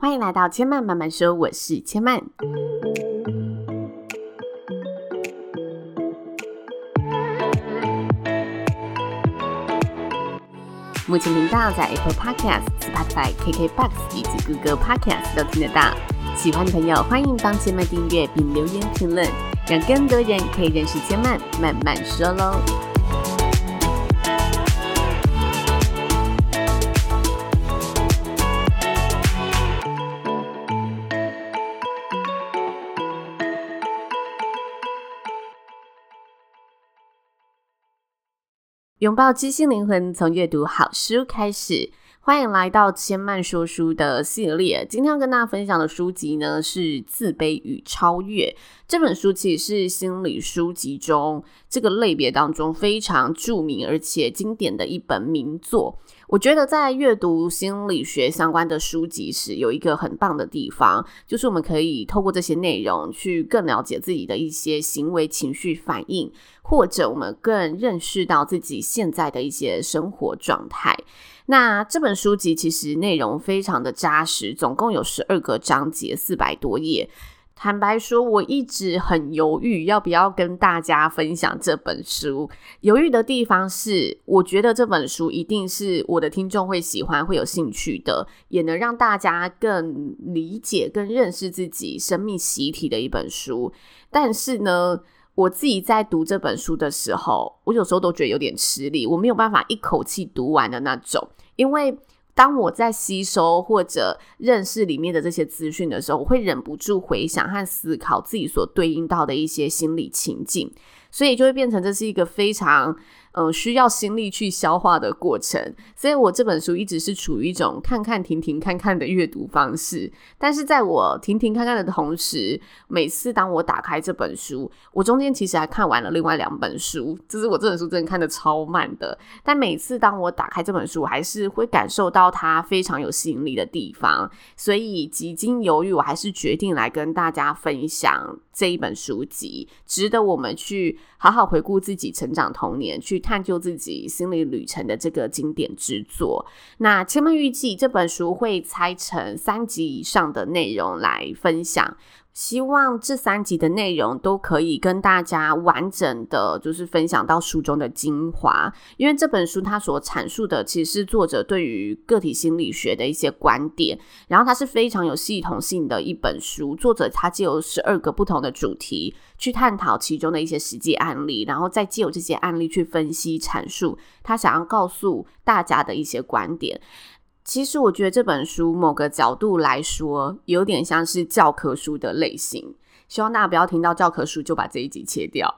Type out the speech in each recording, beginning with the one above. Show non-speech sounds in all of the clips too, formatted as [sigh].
歡迎來到千曼慢慢說，我是千曼。目前頻道在 Apple Podcast、Spotify、KKBox 以及 Google Podcast 都聽得到，喜歡的朋友歡迎幫千曼訂閱並留言評論，讓更多人可以認識千曼慢慢說嘍。擁抱知性靈魂，從閱讀好書開始。歡迎來到千曼說書的系列。今天要跟大家分享的書籍呢，是《自卑與超越》這本書，其實是心理書籍中這個類別當中非常著名而且經典的一本名作。我覺得在閱讀心理學相關的書籍時，有一個很棒的地方，就是我們可以透過這些內容去更了解自己的一些行為、情緒反應，或者我們更認識到自己現在的一些生活狀態。那這本書籍其實內容非常的扎實，總共有十二個章節，四百多頁。坦白說，我一直很猶豫要不要跟大家分享這本書。猶豫的地方是，我覺得這本書一定是我的聽眾會喜歡、會有興趣的，也能讓大家更理解、更認識自己生命習題的一本書。但是呢？我自己在讀這本書的時候，我有時候都覺得有點吃力，我沒有辦法一口氣讀完的那種。因為當我在吸收或者認識裡面的這些資訊的時候，我會忍不住回想和思考自己所對應到的一些心理情境，所以就會變成這是一個非常嗯、呃，需要心力去消化的過程，所以我這本書一直是處於一種看看停停看看的閱讀方式。但是在我停停看看的同時，每次當我打開這本書，我中間其實還看完了另外兩本書，就是我這本書真的看得超慢的。但每次當我打開這本書，我還是會感受到它非常有吸引力的地方。所以幾經猶豫，我還是決定來跟大家分享這一本書籍，值得我們去好好回顧自己成長童年去探究自己心理旅程的這個經典之作，那前面預計，這本書會拆成三集以上的內容來分享。希望這三集的內容都可以跟大家完整的，就是分享到書中的精華。因為這本書它所闡述的，其實是作者對於個體心理學的一些觀點。然後它是非常有系統性的一本書，作者他借由十二個不同的主題去探討其中的一些實際案例，然後再借由這些案例去分析闡述他想要告訴大家的一些觀點。其實我覺得這本書某個角度來說，有點像是教科書的類型。希望大家不要聽到教科書就把這一集切掉。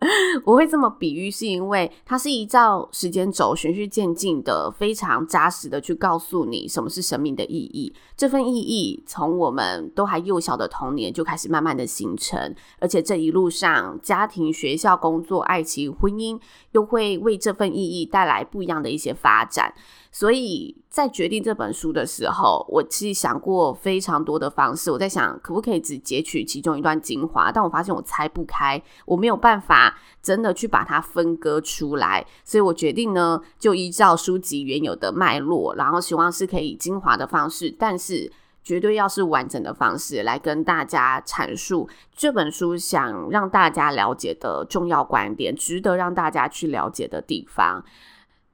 [laughs] 我會這麼比喻，是因為它是依照時間軸循序漸進的，非常扎實的去告訴你什麼是生命的意義。這份意義從我們都還幼小的童年就開始慢慢的形成，而且這一路上，家庭、學校、工作、愛情、婚姻，又會為這份意義帶來不一樣的一些發展。所以在決定這本書的時候，我其實想過非常多的方式。我在想，可不可以只截取其中一段精華？但我發現我拆不開，我沒有辦法真的去把它分割出來。所以我決定呢，就依照書籍原有的脈絡，然後希望是可以精華的方式，但是絕對要是完整的方式來跟大家闡述這本書想讓大家了解的重要觀點，值得讓大家去了解的地方。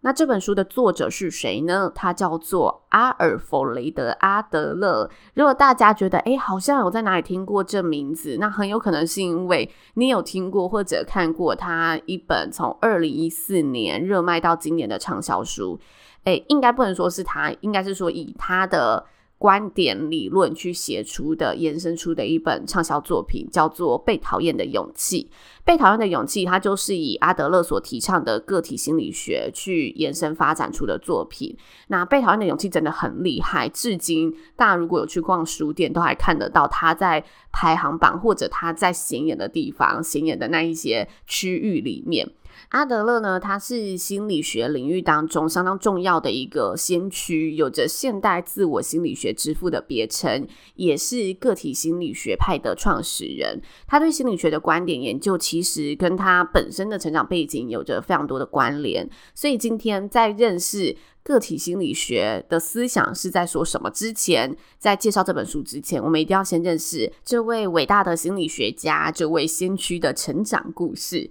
那這本書的作者是誰呢？他叫做阿爾弗雷德·阿德勒。如果大家覺得誒、欸、好像有在哪裡聽過這名字，那很有可能是因為你有聽過或者看過他一本從二零一四年熱賣到今年的暢銷書。哎、欸，應該不能說是他，應該是說以他的。觀點理論去寫出的、延伸出的一本暢銷作品，叫做《被討厭的勇氣》。《被討厭的勇氣》它就是以阿德勒所提倡的個體心理學去延伸發展出的作品。那《被討厭的勇氣》真的很厲害，至今大家如果有去逛書店，都還看得到它在排行榜，或者它在顯眼的地方、顯眼的那一些區域裡面。阿德勒呢，他是心理學領域當中相當重要的一個先驅，有着“現代自我心理學之父”的別稱，也是個體心理學派的創始人。他對心理學的觀點研究，其實跟他本身的成長背景有着非常多的關聯。所以，今天在認識個體心理學的思想是在說什麼之前，在介紹這本書之前，我們一定要先認識這位偉大的心理學家，這位先驅的成長故事。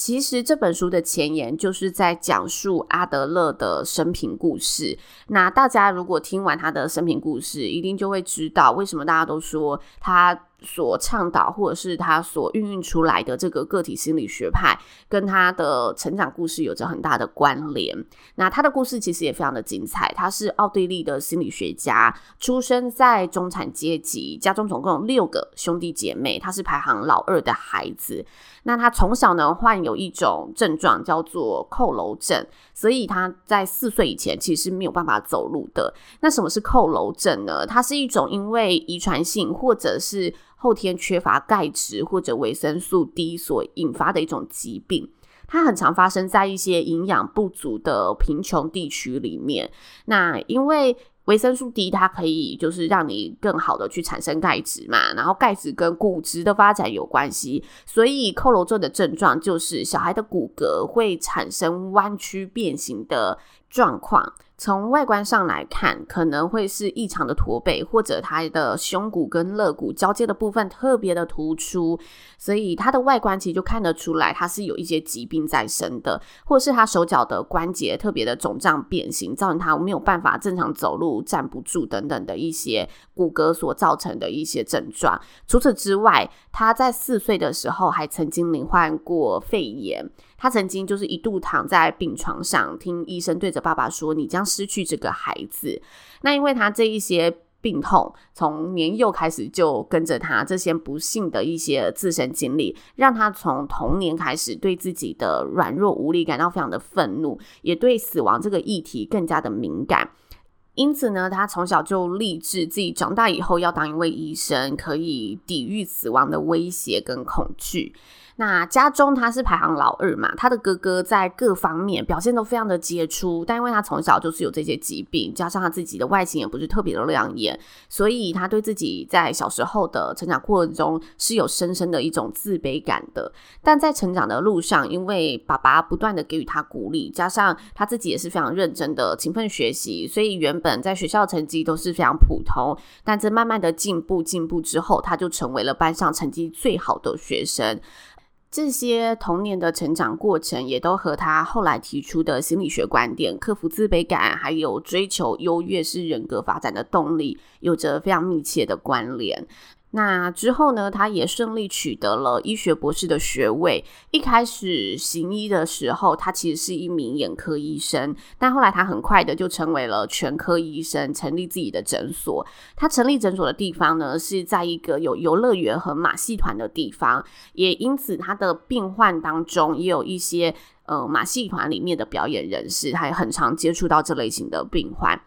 其實這本書的前言就是在講述阿德勒的生平故事。那大家如果聽完他的生平故事，一定就會知道為什麼大家都說他所倡導或者是他所孕育出來的這個個體心理學派，跟他的成長故事有着很大的關聯。那他的故事其實也非常的精彩。他是奧地利的心理學家，出生在中產階級，家中總共有六個兄弟姐妹，他是排行老二的孩子。那他從小呢患有一種症狀叫做佝僂症，所以他在四歲以前其實沒有辦法走路的。那什麼是佝僂症呢？它是一種因為遺傳性或者是後天缺乏鈣質或者維生素 D 所引發的一種疾病，它很常發生在一些營養不足的貧窮地區裡面。那因為維生素 D 它可以就是讓你更好的去產生鈣質嘛，然後鈣質跟骨質的發展有關係，所以佝僂症的症狀就是小孩的骨骼會產生彎曲變形的狀況從外觀上來看，可能會是異常的駝背，或者他的胸骨跟肋骨交接的部分特別的突出，所以他的外觀其實就看得出來，他是有一些疾病在身的，或是他手腳的關節特別的腫脹變形，造成他沒有辦法正常走路、站不住等等的一些骨骼所造成的一些症狀。除此之外，他在四歲的時候還曾經罹患過肺炎。他曾經就是一度躺在病床上，聽醫生，對着爸爸說：“你將失去這個孩子。”那因為他這一些病痛從年幼開始就跟着他，這些不幸的一些自身經歷，讓他從童年開始對自己的軟弱無力感到非常的憤怒，也對死亡這個議題更加的敏感。因此呢，他從小就立志自己長大以後要當一位醫生，可以抵禦死亡的威脅跟恐懼。那家中他是排行老二嘛，他的哥哥在各方面表現都非常的傑出，但因為他從小就是有這些疾病，加上他自己的外形也不是特別的亮眼，所以他對自己在小時候的成長過程中是有深深的一種自卑感的。但在成長的路上，因為爸爸不斷的給予他鼓勵，加上他自己也是非常認真的勤奮學習，所以原本在學校成績都是非常普通，但這慢慢的進步進步之後，他就成為了班上成績最好的學生。這些童年的成長過程，也都和他後來提出的心理學觀點、克服自卑感，還有追求優越是人格發展的動力，有着非常密切的關聯。那之後呢，他也順利取得了醫學博士的學位。一開始行醫的時候，他其實是一名眼科醫生，但後來他很快的就成為了全科醫生，成立自己的診所。他成立診所的地方呢，是在一個有遊樂園和馬戲團的地方，也因此他的病患當中也有一些，呃，馬戲團裡面的表演人士，他也很常接觸到這類型的病患。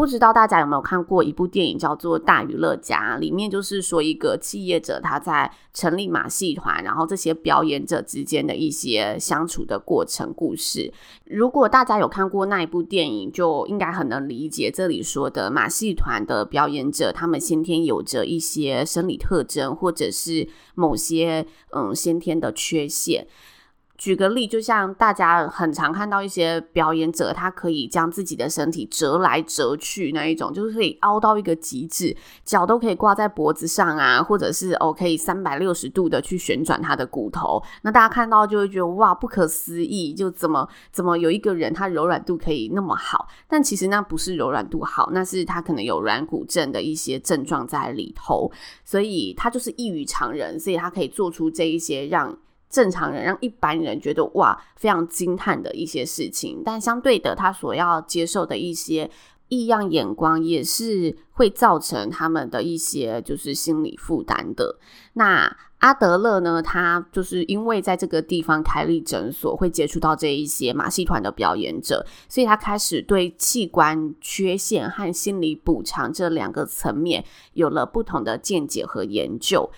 不知道大家有沒有看過一部電影，叫做《大娛樂家》，裡面就是說一個企業者他在成立馬戲團，然後這些表演者之間的一些相處的過程故事。如果大家有看過那一部電影，就應該很能理解這裡說的馬戲團的表演者，他們先天有着一些生理特徵，或者是某些嗯先天的缺陷。舉個例，就像大家很常看到一些表演者，他可以將自己的身體折來折去，那一種就是可以凹到一個極致，腳都可以掛在脖子上啊，或者是哦可以三百六十度的去旋轉他的骨頭。那大家看到就會覺得哇，不可思議，就怎麼怎麼有一個人他柔軟度可以那麼好？但其實那不是柔軟度好，那是他可能有軟骨症的一些症狀在裡頭，所以他就是異於常人，所以他可以做出這一些讓。正常人讓一般人覺得，哇，非常驚嘆的一些事情，但相對的，他所要接受的一些異樣眼光，也是會造成他們的一些就是心理負擔的。那阿德勒呢，他就是因為在這個地方開立診所，會接觸到這一些馬戲團的表演者，所以他開始對器官缺陷和心理補償這兩個層面有了不同的見解和研究。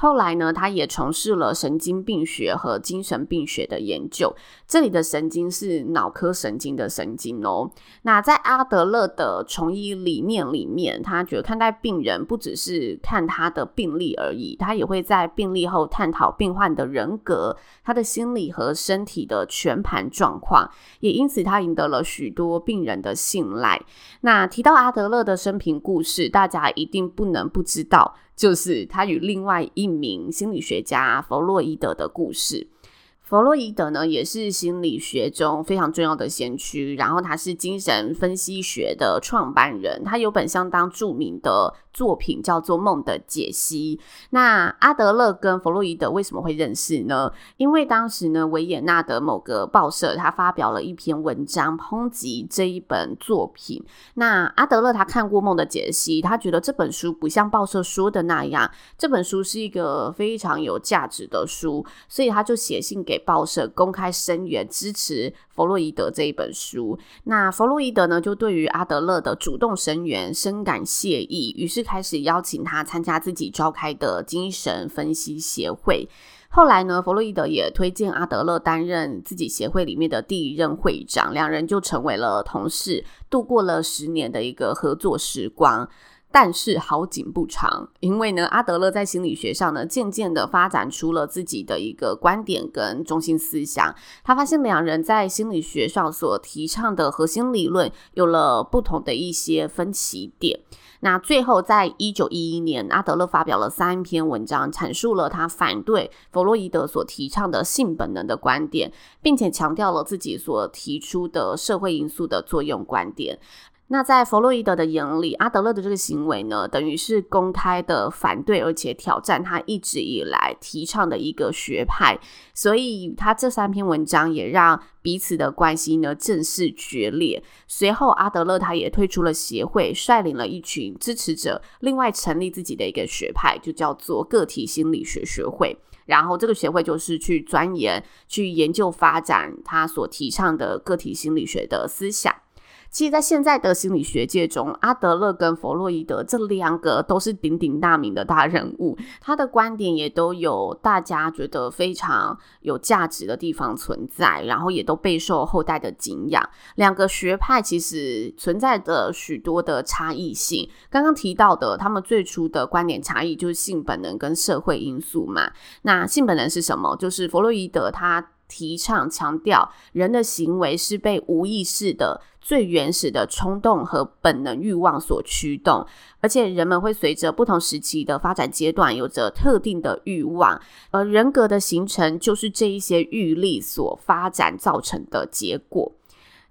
後來呢，他也從事了神經病學和精神病學的研究。這裡的神經是腦科神經的神經哦。那在阿德勒的從醫理念裡面，他覺得看待病人不只是看他的病歷而已，他也會在病歷後探討病患的人格、他的心理和身體的全盤狀況。也因此，他贏得了許多病人的信賴。那提到阿德勒的生平故事，大家一定不能不知道。就是他與另外一名心理學家弗洛伊德的故事。弗洛伊德呢，也是心理學中非常重要的先驅，然後他是精神分析學的創辦人，他有本相當著名的。作品叫做《夢的解析》。那阿德勒跟弗洛伊德為什麼會認識呢？因為當時呢，維也納的某個報社，他發表了一篇文章抨擊這一本作品。那阿德勒他看過《夢的解析》，他覺得這本書不像報社說的那樣，這本書是一個非常有價值的書，所以他就寫信給報社，公開聲援支持弗洛伊德這一本書。那弗洛伊德呢，就對於阿德勒的主動聲援深感謝意，於是他開始邀請他參加自己召開的精神分析協會。後來呢，弗洛伊德也推薦阿德勒擔任自己協會裡面的第一任會長，兩人就成為了同事，度過了十年的一個合作時光。但是好景不長，因為呢，阿德勒在心理學上呢，漸漸的發展出了自己的一個觀點跟中心思想。他發現兩人在心理學上所提倡的核心理論有了不同的一些分歧點。那最後，在一九一一年，阿德勒發表了三篇文章，闡述了他反對弗洛伊德所提倡的性本能的觀點，並且強調了自己所提出的社會因素的作用觀點。那在弗洛伊德的眼裡，阿德勒的這個行為呢，等於是公開的反對，而且挑戰他一直以來提倡的一個學派，所以他這三篇文章也讓彼此的關係呢正式決裂。隨後，阿德勒他也退出了協會，率領了一群支持者，另外成立自己的一個學派，就叫做個體心理學學會。然後，這個學會就是去鑽研、去研究、發展他所提倡的個體心理學的思想。其實，在現在的心理學界中，阿德勒跟弗洛伊德這兩個都是鼎鼎大名的大人物，他的觀點也都有大家覺得非常有價值的地方存在，然後也都備受後代的敬仰。兩個學派其實存在着許多的差異性，剛剛提到的他們最初的觀點差異就是性本能跟社會因素嘛。那性本能是什麼？就是弗洛伊德他提倡強調人的行為是被無意識的。最原始的衝動和本能欲望所驅動，而且人們會隨着不同時期的發展階段，有着特定的欲望，而人格的形成就是這一些欲力所發展造成的結果。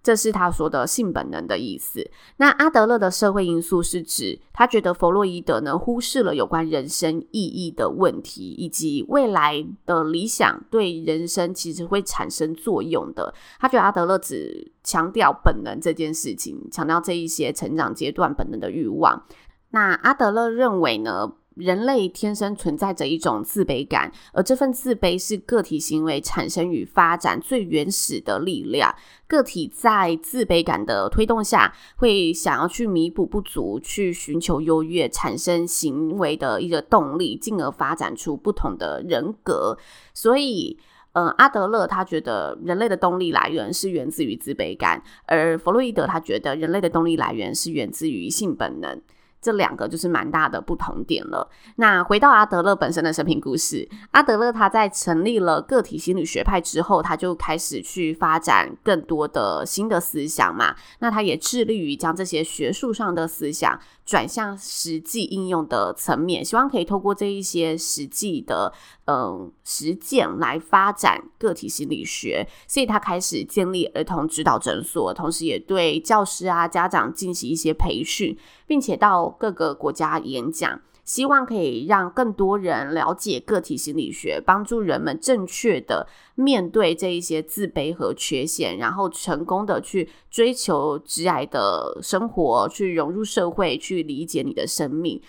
這是他說的性本能的意思。那阿德勒的社會因素是指，他覺得弗洛伊德呢忽視了有關人生意義的問題，以及未來的理想對人生其實會產生作用的。他覺得阿德勒只強調本能這件事情，強調這一些成長階段本能的欲望。那阿德勒認為呢？人類天生存在着一種自卑感，而這份自卑是個體行為產生與發展最原始的力量。個體在自卑感的推動下，會想要去彌補不足，去尋求優越，產生行為的一個動力，進而發展出不同的人格。所以，呃、嗯，阿德勒他覺得人類的動力來源是源自於自卑感，而弗洛伊德他覺得人類的動力來源是源自於性本能。這兩個就是蠻大的不同點了。那回到阿德勒本身的生平故事，阿德勒他在成立了個體心理學派之後，他就開始去發展更多的新的思想嘛。那他也致力於將這些學術上的思想。轉向實際應用的層面，希望可以透過這一些實際的嗯實踐來發展個體心理學。所以他開始建立兒童指導診所，同時也對教師啊、家長進行一些培訓，並且到各個國家演講。希望可以讓更多人了解個體心理學，幫助人們正確的面對這一些自卑和缺陷，然後成功的去追求摯愛的生活，去融入社會，去理解你的生命。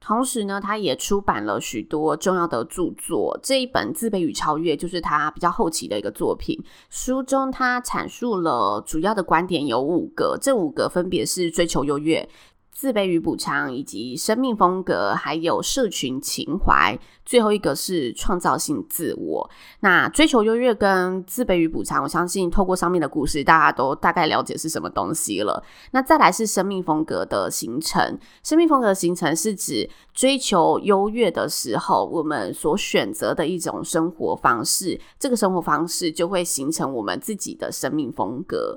同時呢，他也出版了許多重要的著作，這一本《自卑與超越》就是他比較後期的一個作品。書中他闡述了主要的觀點有五個，這五個分別是追求優越。自卑與補償，以及生命風格，還有社群情懷，最後一個是創造性自我。那追求優越跟自卑與補償，我相信透過上面的故事，大家都大概了解是什麼東西了。那再來是生命風格的形成，生命風格的形成是指追求優越的時候，我們所選擇的一種生活方式，這個生活方式就會形成我們自己的生命風格。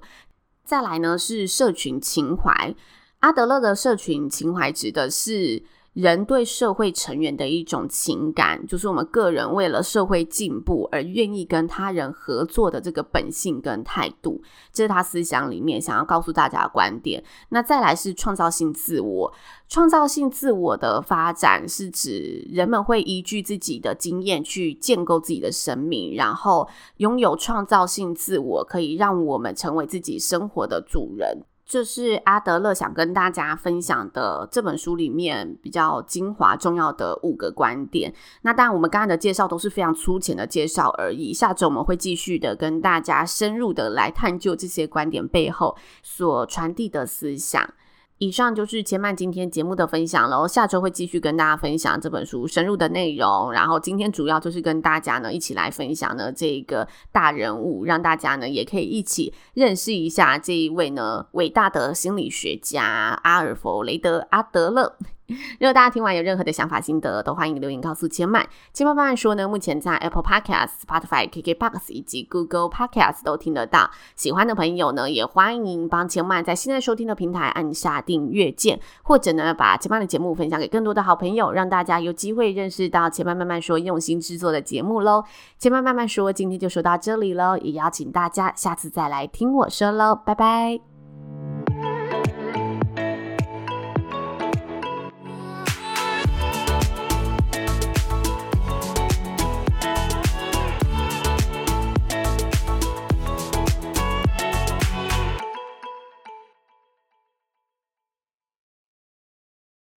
再來呢，是社群情懷。阿德勒的社群情懷指的是人對社會成員的一種情感，就是我們個人為了社會進步而願意跟他人合作的這個本性跟態度，這是他思想裡面想要告訴大家的觀點。那再來是創造性自我，創造性自我的發展是指人們會依據自己的經驗去建構自己的生命，然後擁有創造性自我，可以讓我們成為自己生活的主人。這是阿德勒想跟大家分享的這本書裡面比較精華、重要的五個觀點。那當然，我們剛剛的介紹都是非常粗淺的介紹而已。下周我們會繼續的跟大家深入的來探究這些觀點背後所傳遞的思想。以上就是千曼今天節目的分享嘍，下周會繼續跟大家分享這本書深入的內容。然後今天主要就是跟大家呢一起來分享呢這一個大人物，讓大家呢也可以一起認識一下這一位呢偉大的心理學家阿爾弗雷德阿德勒。如果大家聽完有任何的想法心得，都歡迎留言告訴千麥。千麥慢慢說呢，目前在 Apple Podcast、Spotify、KKBOX 以及 Google Podcast 都聽得到。喜歡的朋友呢，也歡迎幫千麥在現在收聽的平台按下訂閱鍵，或者呢，把千麥的節目分享給更多的好朋友，讓大家有機會認識到千麥慢慢說用心制作的節目嘍。千麥慢慢說，今天就說到這裡嘍，也邀請大家下次再來聽我說嘍，拜拜。